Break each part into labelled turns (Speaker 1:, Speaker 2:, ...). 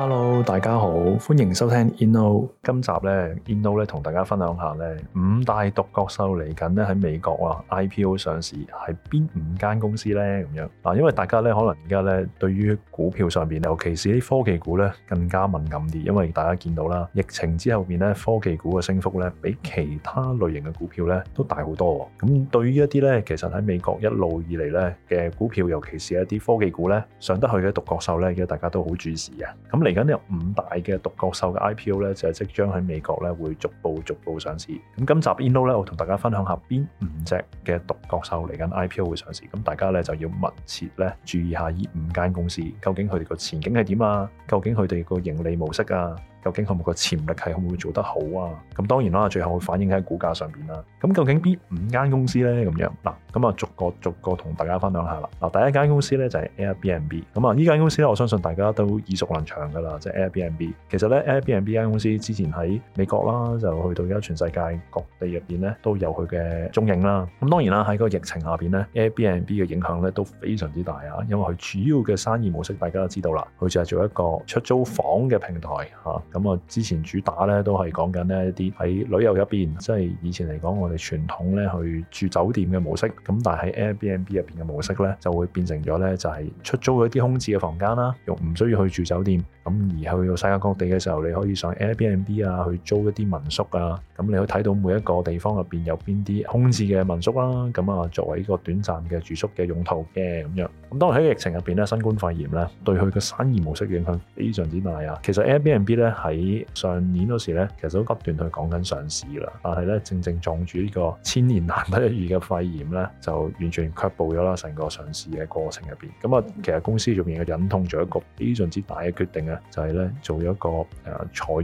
Speaker 1: Hello，大家好，歡迎收聽 InKnow 今集咧 InKnow 咧同大家分享下咧五大獨角獸嚟緊咧喺美國啊，IPO 上市係邊五間公司咧咁樣。嗱，因為大家咧可能而家咧對於股票上邊，尤其是啲科技股咧更加敏感啲，因為大家見到啦，疫情之後邊咧科技股嘅升幅咧比其他類型嘅股票咧都大好多喎。咁對於一啲咧，其實喺美國一路以嚟咧嘅股票，尤其是一啲科技股咧上得去嘅獨角獸咧，而家大家都好注視嘅。咁嚟緊有五大嘅獨角獸嘅 IPO 咧，就係、是、即將喺美國咧會逐步逐步上市。咁今集 Inno 咧，我同大家分享下邊五隻嘅獨角獸嚟緊 IPO 會上市。咁大家咧就要密切咧注意下呢五間公司究竟佢哋個前景係點啊？究竟佢哋個盈利模式啊？究竟項目個潛力係會唔會做得好啊？咁當然啦，最後會反映喺股價上邊啦。咁究竟邊五間公司咧咁樣嗱？咁啊，逐個逐個同大家分享一下啦。嗱，第一間公司咧就係、是、Airbnb。咁啊，呢間公司咧，我相信大家都耳熟能詳噶啦，即、就、係、是、Airbnb。其實咧，Airbnb 間公司之前喺美國啦，就去到而家全世界各地入邊咧，都有佢嘅蹤影啦。咁當然啦，喺個疫情下邊咧，Airbnb 嘅影響咧都非常之大啊。因為佢主要嘅生意模式大家都知道啦，佢就係做一個出租房嘅平台吓。啊咁啊，之前主打咧都係講緊呢一啲喺旅遊入邊，即係以前嚟講，我哋傳統咧去住酒店嘅模式。咁但係喺 Airbnb 入面嘅模式咧，就會變成咗咧就係出租一啲空置嘅房間啦，又唔需要去住酒店。咁而去到世界各地嘅時候，你可以上 Airbnb 啊去租一啲民宿啊。咁你可以睇到每一個地方入面有邊啲空置嘅民宿啦。咁啊，作為一個短暫嘅住宿嘅用途嘅咁樣。咁當喺疫情入面咧，新冠肺炎咧對佢嘅生意模式影響非常之大啊。其實 Airbnb 咧。喺上年嗰時咧，其實都不斷去講緊上市啦，但係咧正正撞住呢個千年難得一遇嘅肺炎咧，就完全卻步咗啦，成個上市嘅過程入邊。咁啊，其實公司入邊嘅忍痛，做一個非常之大嘅決定咧，就係咧做咗一個誒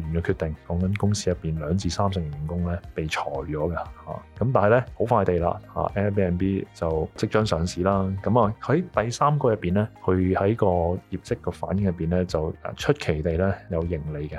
Speaker 1: 裁員嘅決定，講緊公司入邊兩至三成員工咧被裁咗㗎嚇。咁啊，但係咧好快地啦嚇，啊，Airbnb 就即將上市啦。咁啊喺第三個入邊咧，佢喺個業績個反應入邊咧就出奇地咧有盈利嘅。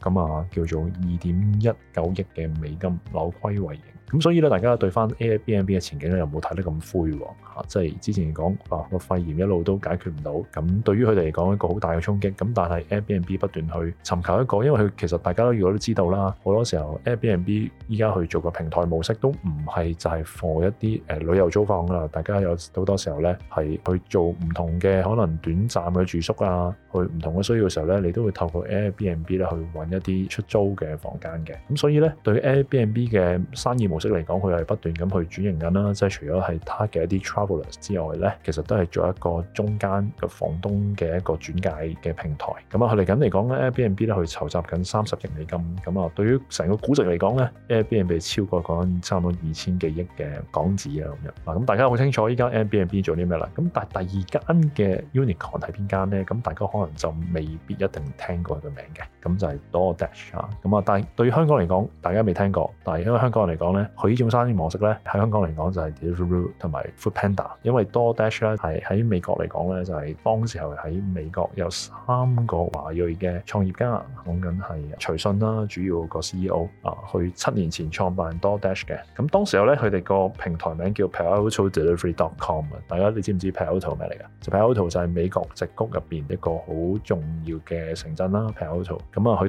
Speaker 1: 咁啊，叫做二點一九億嘅美金扭虧為盈，咁所以咧，大家對翻 Airbnb 嘅前景咧，又冇睇得咁灰黃、啊、即係之前講啊，個肺炎一路都解決唔到，咁對於佢哋嚟講一個好大嘅衝擊。咁但係 Airbnb 不斷去尋求一個，因為佢其實大家都如果都知道啦，好多時候 Airbnb 依家去做個平台模式都唔係就係放一啲誒、呃、旅遊租房㗎，大家有好多時候咧係去做唔同嘅可能短暫嘅住宿啊，去唔同嘅需要嘅時候咧，你都會透過 Airbnb 咧去。揾一啲出租嘅房間嘅，咁所以咧對於 Airbnb 嘅生意模式嚟講，佢係不斷咁去轉型緊啦，即係除咗係他嘅一啲 travelers 之外咧，其實都係做一個中間嘅房東嘅一個轉介嘅平台。咁啊，佢嚟緊嚟講咧，Airbnb 咧佢籌集緊三十億美金，咁啊，對於成個估值嚟講咧，Airbnb 超過講差唔多二千幾億嘅港紙啊咁樣。啊，咁大家好清楚依家 Airbnb 做啲咩啦？咁但係第二間嘅 Unicorn 喺邊間咧？咁大家可能就未必一定聽過佢個名嘅，咁就係、是。DoorDash 啊，咁啊，但係對於香港嚟講，大家未聽過。但係因為香港人嚟講咧，佢呢種生意模式咧，喺香港嚟講就係 Deliveroo 同埋 Foodpanda。因為 DoorDash 咧，係喺美國嚟講咧，就係、是、當時候喺美國有三個華裔嘅創業家講緊係徐迅啦，主要個 CEO 啊，佢七年前創辦 DoorDash 嘅。咁當時候咧，佢哋個平台名叫 PaloAltoDelivery.com。大家你知唔知 Palo Alto 咩嚟㗎？就 Palo Alto 就係美國矽谷入邊一個好重要嘅城鎮啦。Palo Alto 咁啊，佢。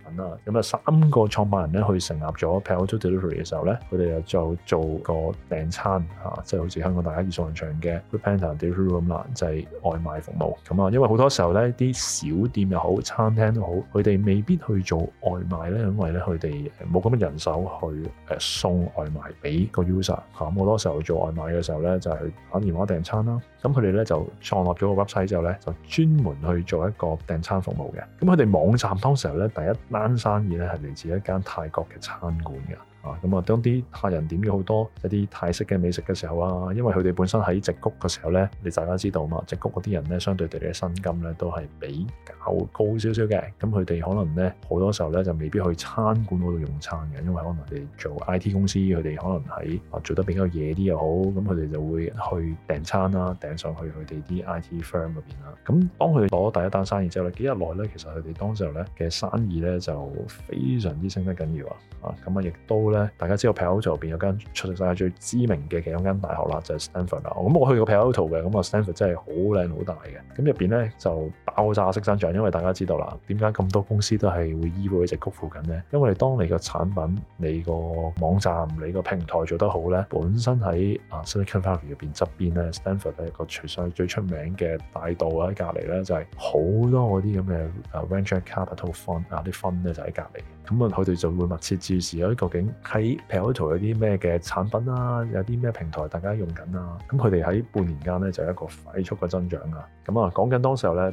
Speaker 1: 咁啊三個創辦人咧去成立咗 Palo Alto Delivery 嘅時候咧，佢哋又就做，做個訂餐、啊、即係好似香港大家耳熟能詳嘅 p e n t a r Delivery 咁啦、啊，就係、是、外賣服務。咁啊，因為好多時候咧啲小店又好，餐廳都好，佢哋未必去做外賣咧，因為咧佢哋冇咁嘅人手去、啊、送外賣俾個 user、啊。咁好多時候做外賣嘅時候咧，就係、是、打電話訂餐啦。咁佢哋咧就創立咗個 website 之後咧，就專門去做一個訂餐服務嘅。咁佢哋網站當時候咧，第一間生意係嚟自一間泰國嘅餐館的。啊，咁啊，當啲客人點咗好多一啲泰式嘅美食嘅時候啊，因為佢哋本身喺矽谷嘅時候咧，你大家知道嘛，矽谷嗰啲人咧，相對地嘅薪金咧都係比較高少少嘅。咁佢哋可能咧好多時候咧就未必去餐館嗰度用餐嘅，因為可能佢哋做 I T 公司，佢哋可能喺啊做得比較夜啲又好，咁佢哋就會去訂餐啦、啊，訂上去佢哋啲 I T firm 嗰邊啦、啊。咁當佢攞第一單生意之後咧，幾日內咧，其實佢哋當時候咧嘅生意咧就非常之升得緊要啊。啊，咁啊亦都。大家知道 Palo Alto 入邊有間全世界最知名嘅其中一間大學啦，就係 Stanford 啦。我咁我去過 Palo Alto 的嘅，咁 Stanford 真係好靚好大嘅。咁入邊咧就～爆炸式增長，因為大家知道啦，點解咁多公司都係會依喺直曲附近咧？因為當你個產品、你個網站、你個平台做得好咧，本身喺啊 Silicon Valley 入邊側邊咧，Stanford 係一個除上最出名嘅大道喺隔離咧，就係、是、好多嗰啲咁嘅啊 venture capital fund 啊、uh, 啲 fund 咧就喺隔離，咁啊佢哋就會密切注視啊究竟喺 Palo Alto 有啲咩嘅產品啊，有啲咩平台大家用緊啊，咁佢哋喺半年間咧就有一個快速嘅增長啊，咁啊講緊當時候咧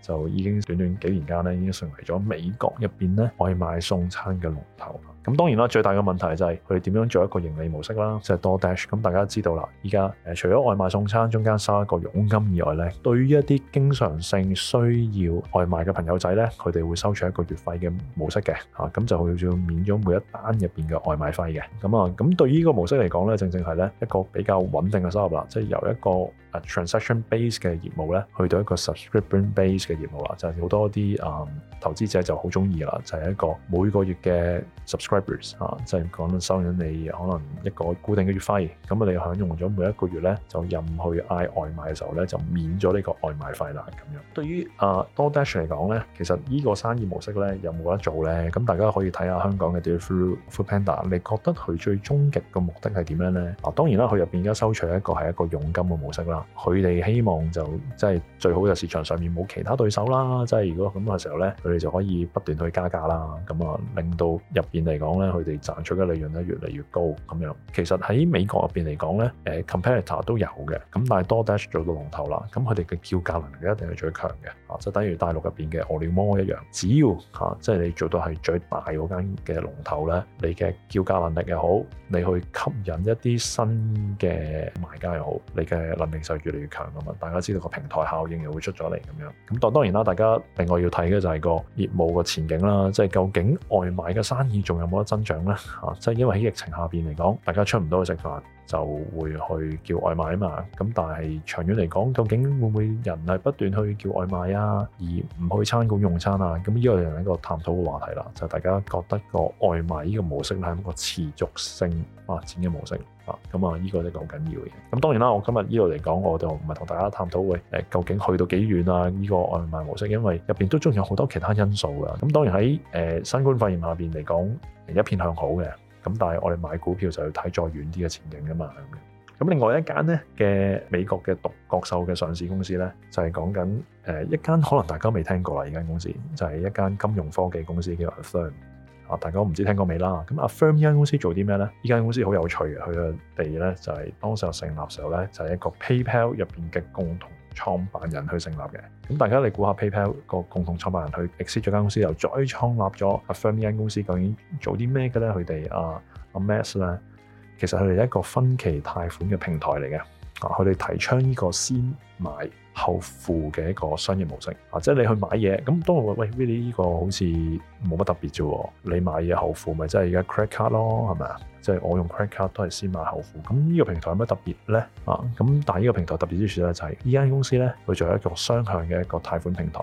Speaker 1: 就已經短短幾年間咧已經成為咗美國入邊咧外賣送餐嘅龍頭啦。咁當然啦，最大嘅問題就係佢哋點樣做一個盈利模式啦，即、就、係、是、DoorDash。咁大家知道啦，依家、呃、除咗外賣送餐中間收一個傭金以外咧，對於一啲經常性需要外賣嘅朋友仔咧，佢哋會收取一個月費嘅模式嘅咁、啊、就會免咗每一單入邊嘅外賣費嘅。咁啊，咁對於呢個模式嚟講咧，正正係咧一個比較穩定嘅收入啦，即係由一個 transaction base 嘅業務咧去到一個 subscription。base 嘅業務啦，就係、是、好多啲啊、嗯、投資者就好中意啦，就係、是、一個每個月嘅 subscribers 啊，就係、是、講收緊你可能一個固定嘅月費，咁啊你享用咗每一個月咧，就任去嗌外賣嘅時候咧，就免咗呢個外賣費啦咁樣。對於啊 DoorDash 嚟講咧，其實呢個生意模式咧有冇得做咧？咁大家可以睇下香港嘅 Deliveroo、Food Panda，你覺得佢最終極嘅目的係點樣咧？啊當然啦，佢入邊而家收取一個係一個佣金嘅模式啦，佢哋希望就即係、就是、最好嘅市場上面。冇其他對手啦，即係如果咁嘅時候咧，佢哋就可以不斷去加價啦，咁啊令到入邊嚟講咧，佢哋賺取嘅利潤咧越嚟越高咁樣。其實喺美國入邊嚟講咧，誒 competitor 都有嘅，咁但係 DoorDash 做到龍頭啦，咁佢哋嘅叫價能力一定係最強嘅，啊就等於大陸入邊嘅餓了麼一樣，只要嚇即係你做到係最大嗰間嘅龍頭咧，你嘅叫價能力又好，你去吸引一啲新嘅買家又好，你嘅能力就越嚟越強啊嘛。大家知道個平台效應又會出咗嚟咁。咁但當然啦，大家另外要睇嘅就係個業務嘅前景啦，即係究竟外賣嘅生意仲有冇得增長呢？即係因為喺疫情下面嚟講，大家出唔到去食飯。就會去叫外賣啊嘛，咁但係長遠嚟講，究竟會唔會人係不斷去叫外賣啊，而唔去餐館用餐啊？咁呢個就係一個探討嘅話題啦。就是、大家覺得個外賣呢個模式係係一個持續性發展嘅模式啊，咁啊呢個都好緊要嘅。咁當然啦，我今日呢度嚟講，我就唔係同大家探討喂，究竟去到幾遠啊？呢、呢個外賣模式，因為入面都仲有好多其他因素嘅。咁當然喺、呃、新冠肺炎下面嚟講，一片向好嘅。咁但係我哋買股票就要睇再遠啲嘅前景㗎嘛。咁另外一間咧嘅美國嘅獨角獸嘅上市公司咧，就係講緊一間可能大家未聽過啦，依間公司就係、是、一間金融科技公司叫 Affirm。啊，大家唔知聽過未啦？咁 Affirm 呢間公司做啲咩咧？依間公司好有趣嘅，佢嘅地咧就係、是、當時成立時候咧就係、是、一個 PayPal 入邊嘅共同創辦人去成立嘅。咁，大家嚟估下 PayPal 個共同創辦人去 exit 咗間公司又再創立咗 Affirm 呢間公司，公司究竟做啲咩嘅咧？佢哋啊 Max 咧，其實佢哋一個分期貸款嘅平台嚟嘅啊，佢哋提倡呢個先買。後付嘅一個商業模式啊，即係你去買嘢咁，咁當我喂 really 呢個好似冇乜特別啫。你買嘢後付咪即係而家 credit card 咯，係咪啊？即係我用 credit card 都係先買後付。咁呢個平台有乜特別咧啊？咁但係呢個平台特別之處咧就係呢間公司咧，佢做一個雙向嘅一個貸款平台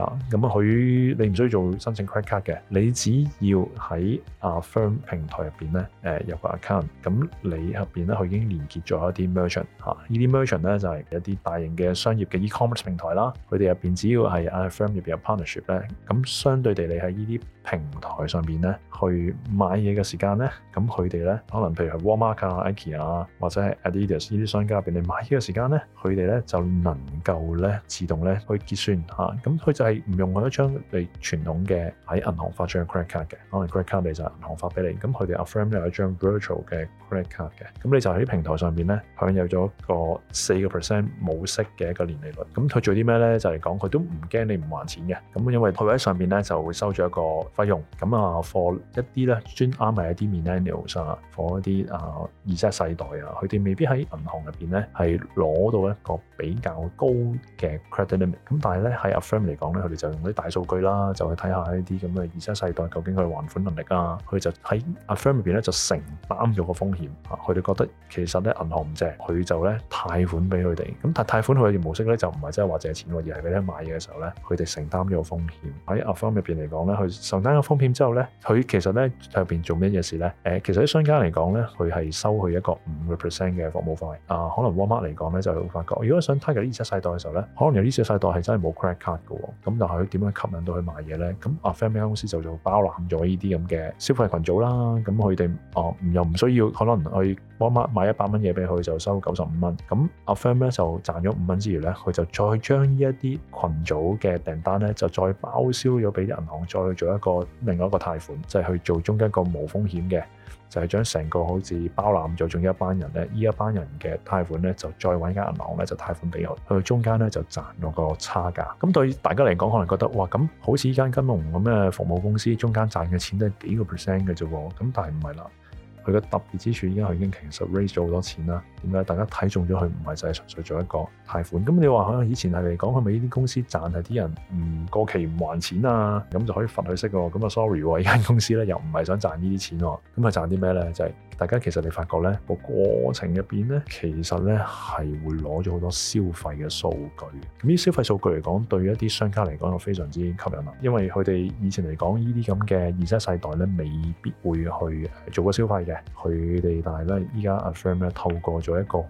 Speaker 1: 啊。咁啊，佢你唔需要做申請 credit card 嘅，你只要喺 Affirm 平台入邊咧誒，有個 account，咁你入邊咧佢已經連結咗一啲 merchant 嚇、啊，這些 merchant 呢啲 merchant 咧就係一啲大型嘅商業。嘅 e-commerce 平台啦，佢哋入邊只要係 Affirm 入邊有 partnership 咧，咁相對地你喺呢啲平台上邊咧去買嘢嘅時間咧，咁佢哋咧可能譬如係 Walmart 啊、IKEA 啊，或者係 Adidas 呢啲商家入邊你買嘢嘅時間咧，佢哋咧就能夠咧自動咧去結算吓，咁佢就係唔用佢一張你傳統嘅喺銀行發出嘅 credit card 嘅，可能 credit card 你就係銀行發俾你，咁佢哋 Affirm 咧有一張 virtual 嘅 credit card 嘅，咁你就喺啲平台上邊咧，享有咗個四個 percent 冇息嘅一個。利率，咁佢做啲咩咧？就嚟、是、講，佢都唔驚你唔還錢嘅。咁因為佢喺上面咧就會收咗一個費用。咁啊 for 一啲咧專啱埋一啲 millennials 啊 for 一啲啊 Z 世代啊，佢哋未必喺銀行入面咧係攞到一個比較高嘅 credit limit。咁但係咧喺 Affirm 嚟講咧，佢哋就用啲大數據啦，就去睇下呢啲咁嘅 Z 世代究竟佢還款能力啊。佢就喺 Affirm 入面咧就承擔咗個風險。啊，佢哋覺得其實咧銀行唔借佢就咧貸款俾佢哋。咁但貸款佢嘅模式。咧就唔係真係話借錢喎，而係俾你買嘢嘅時候咧，佢哋承擔咗風險。喺 Affirm 入邊嚟講咧，佢承擔咗風險之後咧，佢其實咧入邊做乜嘢事咧？誒，其實喺商家嚟講咧，佢係收佢一個五個 percent 嘅服務費。啊，可能 Walmart 嚟講咧，就會發覺如果想 target 呢啲世代嘅時候咧，可能有啲世代係真係冇 credit card 嘅喎。咁但係佢點樣吸引到佢買嘢咧？咁 Affirm 呢間公司就做包攬咗呢啲咁嘅消費群組啦。咁佢哋啊，又唔需要可能去 Walmart 買一百蚊嘢俾佢就收九十五蚊。咁 Affirm 咧就賺咗五蚊之餘咧。佢就再將呢一啲群組嘅訂單咧，就再包銷咗俾啲銀行，再去做一個另外一個貸款，就係、是、去做中間一個無風險嘅，就係將成個好似包攬咗，仲一班人咧，呢一班人嘅貸款咧，就再揾間銀行咧就貸款俾佢，佢中間咧就賺嗰個差價。咁對大家嚟講，可能覺得哇，咁好似依間金融咁嘅服務公司，中間賺嘅錢都係幾個 percent 嘅啫喎，咁但係唔係啦。佢嘅特別之處，已經佢已經其實 raise 咗好多錢啦。點解大家睇中咗佢？唔係就係純粹做一個貸款。咁你話可能以前係嚟講，係咪呢啲公司賺？係啲人唔過期唔還錢啊，咁就可以罰佢息喎、哦。咁啊，sorry，呢、哦、間公司咧又唔係想賺,賺呢啲錢喎。咁啊，賺啲咩咧？就係、是、大家其實你發覺咧個過程入邊咧，其實咧係會攞咗好多消費嘅數據。咁啲消費數據嚟講，對於一啲商家嚟講就非常之吸引啊。因為佢哋以前嚟講，呢啲咁嘅二十世代咧，未必會去做過消費嘅。佢哋但係咧，依家 Affirm 咧透過咗一個好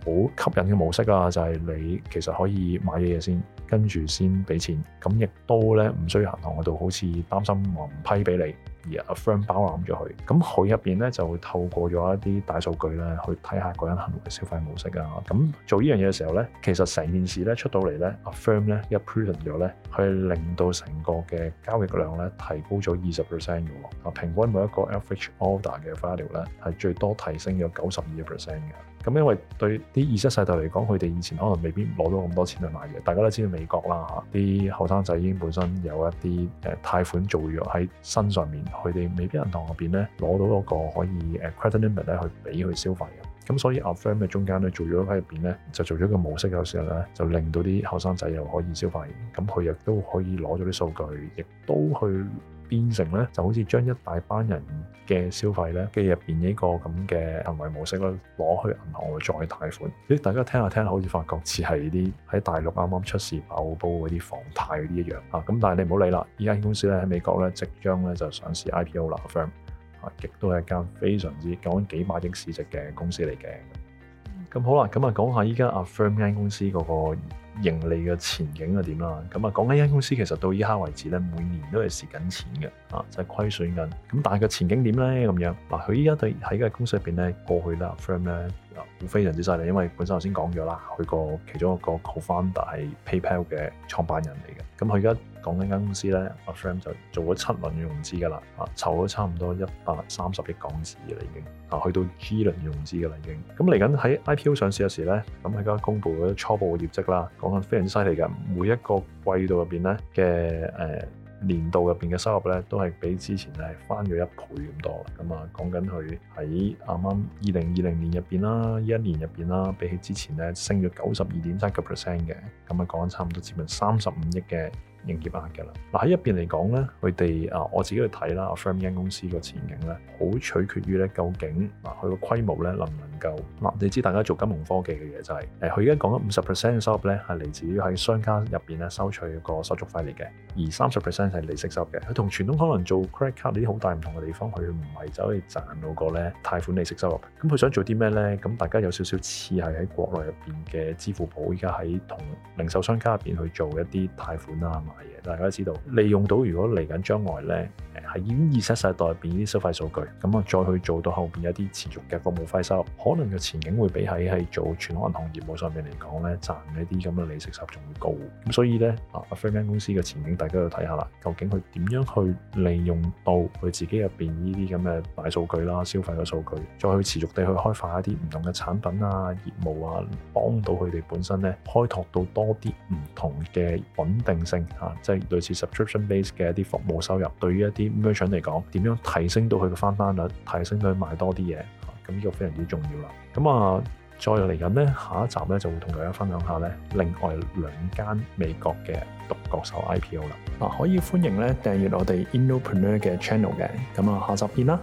Speaker 1: 吸引嘅模式啊，就係、是、你其實可以買嘢先，跟住先畀錢，咁亦都呢唔需要銀行嗰度好似擔心話唔批畀你。而阿 firm 包攬咗佢，咁佢入邊咧就透過咗一啲大數據咧，去睇下個人行為消費模式啊。咁做呢樣嘢嘅時候咧，其實成件事咧出到嚟咧，阿 firm 咧一 present 咗咧，去令到成個嘅交易量咧提高咗二十 percent 嘅喎。平均每一個 average order 嘅 value 咧，係最多提升咗九十二 percent 嘅。咁因為對啲二七世代嚟講，佢哋以前可能未必攞到咁多錢去買嘢。大家都知道美國啦，啲後生仔已經本身有一啲誒貸款做藥喺身上面，佢哋未必銀行入面咧攞到嗰個可以 credit limit 咧去俾佢消費嘅。咁、啊、所以 Affirm 嘅中間咧做咗喺入面咧，就做咗個模式有時候咧，就令到啲後生仔又可以消費。咁佢亦都可以攞咗啲數據，亦都去。變成咧就好似將一大班人嘅消費咧嘅入面呢個咁嘅行為模式咧攞去銀行去再貸款，咦？大家聽下聽下，好似發覺似係啲喺大陸啱啱出事爆煲嗰啲房貸嗰啲一樣啊！咁但係你唔好理啦，依家公司咧喺美國咧即將咧就上市 IPO 啦，Affirm 啊，極都係一間非常之講緊幾百億市值嘅公司嚟嘅。咁好啦，咁啊講下依家 Affirm 間公司嗰個盈利嘅前景係點啦？咁啊講起間公司，其實到依家為止咧，每年都係蝕緊錢嘅，啊，就係虧損緊。咁但係個前景點咧？咁樣嗱，佢依家對喺嘅公司入邊咧，過去啦 Affirm 咧，啊，非常之犀利，因為本身頭先講咗啦，佢個其中一個 co-founder 係 PayPal 嘅創辦人嚟嘅，咁佢依家。講緊間公司咧，Affirm 就做咗七輪嘅融資㗎啦，啊，籌咗差唔多一百三十億港紙啦，已經啊，去到 G 輪嘅融資㗎啦，已經咁嚟緊喺 IPO 上市嘅時咧，咁佢而家公布咗初步嘅業績啦，講緊非常之犀利嘅，每一個季度入邊咧嘅誒年度入邊嘅收入咧，都係比之前係翻咗一倍咁多啦。咁啊，講緊佢喺啱啱二零二零年入邊啦，呢一年入邊啦，比起之前咧，升咗九十二點三個 percent 嘅，咁啊，講緊差唔多接近三十五億嘅。營業額嘅啦，嗱喺入邊嚟講咧，佢哋啊，我自己去睇啦，Affirm 間公司個前景咧，好取決於咧究竟嗱佢個規模咧能唔能夠，嗱、啊、你知大家做金融科技嘅嘢就係、是，誒佢而家講緊五十 percent 收入咧係嚟自於喺商家入邊咧收取的個手續費嚟嘅，而三十 percent 係利息收入嘅，佢同傳統可能做 credit card 呢啲好大唔同嘅地方，佢唔係走去賺嗰個咧貸款利息收入，咁佢想做啲咩咧？咁大家有少少似係喺國內入邊嘅支付寶，而家喺同零售商家入邊去做一啲貸款啊。大家知道利用到如果嚟緊將來咧，係已經意世代入邊呢啲消費數據，咁啊再去做到後面有啲持續嘅服務費收入，可能嘅前景會比喺做傳統銀行業務上面嚟講咧賺一啲咁嘅利息收仲會高。咁所以咧，啊 Affirm 公司嘅前景大家要睇下啦，究竟佢點樣去利用到佢自己入面呢啲咁嘅大數據啦、消費嘅數據，再去持續地去開發一啲唔同嘅產品啊、業務啊，幫到佢哋本身咧開拓到多啲唔同嘅穩定性。啊、即係類似 subscription base 嘅一啲服務收入，對於一啲 merchant 嚟講，點樣提升到佢嘅翻單率，提升到買多啲嘢，咁、啊、呢個非常之重要啦。咁啊，再嚟緊咧，下一集咧就會同大家分享下咧，另外兩間美國嘅獨角獸 IPO 啦。嗱、啊，可以歡迎咧訂閱我哋 Innopreneur 嘅 channel 嘅。咁啊，下集見啦。